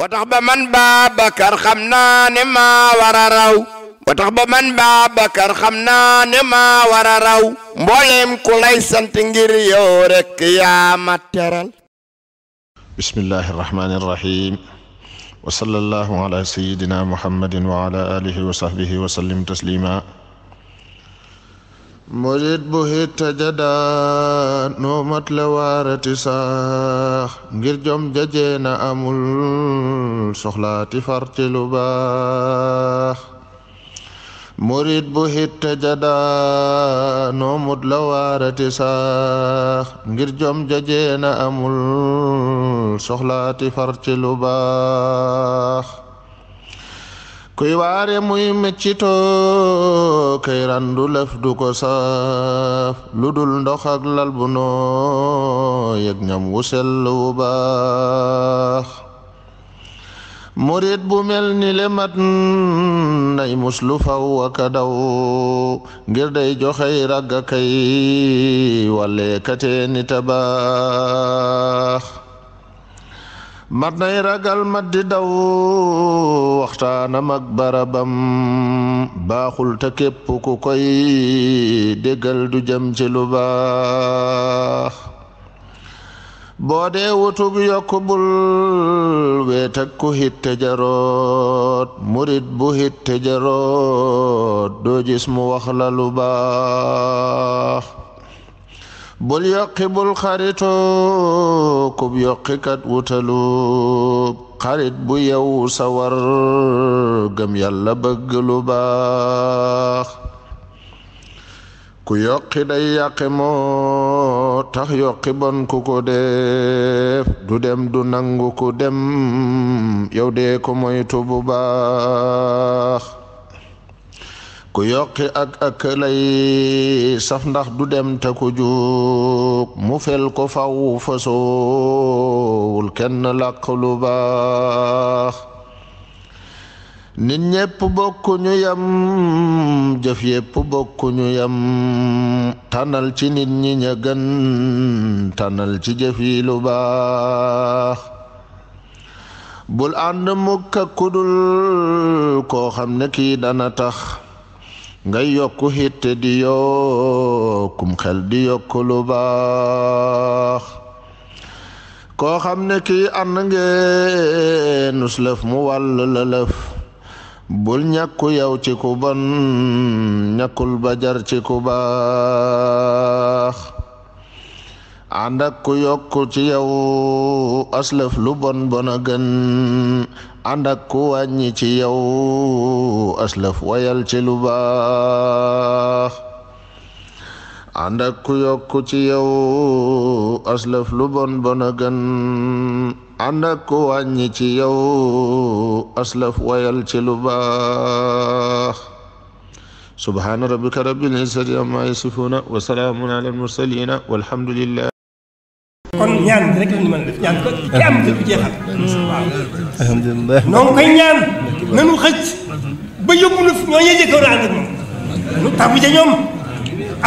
ba tax ba man Babacar xam naa ne maa war a raw ba tax ba man Babacar xam naa ne maa war a raw mbooleem ku lay sant ngir yow rek yaa ma teral bismillahi irrahmani irrahim wa sallallahu ala sayidina muhammadin wa ala alihi wa sahbihi wa sallim taslima murit bu hitta jada jom jajeena amul bu hitta jada no mut le waarati saax ngir jom jajeena amul soxlaati far ci lu kuy waare muy meccitoo kay randu ko saaf lu dul ndox ak lal bu ñam wu wu baax murit bu mel ni le mat nay muslu faw aka daw ngir day joxey ragga kay wàllee katee ni mat nay ragal mat di daw waxtaanam ak barabam baaxul te képp koy déggal du jëm ci lu baax boo dee wutug yokk bul weet ak ku hitte jaroot murit bu hitte jaroot doo mu wax la lu baax bul yokki bul xaritoo kub yokkikat wutalub xarit bu yow sawar gëm yàlla bëgg lu baax ku yokki day yàqe moo tax yokki bon ku ko def du dem du nangu ku dem yow dee ko moytu bu baax ku yokki ak ak lay saf ndax du dem te ku juug mu fel ko faw fa kenn làq lu baax nit ñépp bokku yam jëf yépp bokku ñu yam tànnal ci nit ñi ña gën tànnal ci jëf yi lu baax bul ànd mukk ak kudul koo xam ne kii dana tax ngay yokk xitte di yokkum xel di yokk lu baax koo xam ne kii ànd ngeen nuslëf mu wàll la lëf bul ñàkku yow ci ku bon ñàkkul ba jar ci ku baax ànd ak ku yokku ci yow aslëf lu bon bon gën ànd ak ku wàññi ci yow aslëf wayal lu baax ànd ak ku yokku ci yow aslëf lu bon bon a gën ànd ak ci yow aslëf wayal ci lu baax subhaana rabbika rabbil izzati amma yasifuna wa salaamun ala al mursalina walhamdulillah kon ñaan rek la ñu mën a def ñaan ko ci am ci jeexal. waaw alhamdulilah. noonu koy ñaan nanu xëcc ba yóbbu na ñoo ñee jëkkoon ànd ak moom nu tàbbi ca ñoom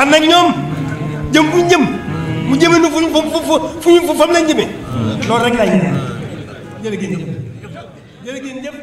ànd ñoom jëm jëm mu jëme nu fu fu fu fu fu fam lañ jëmee loolu rek laay ñaan jërëjëf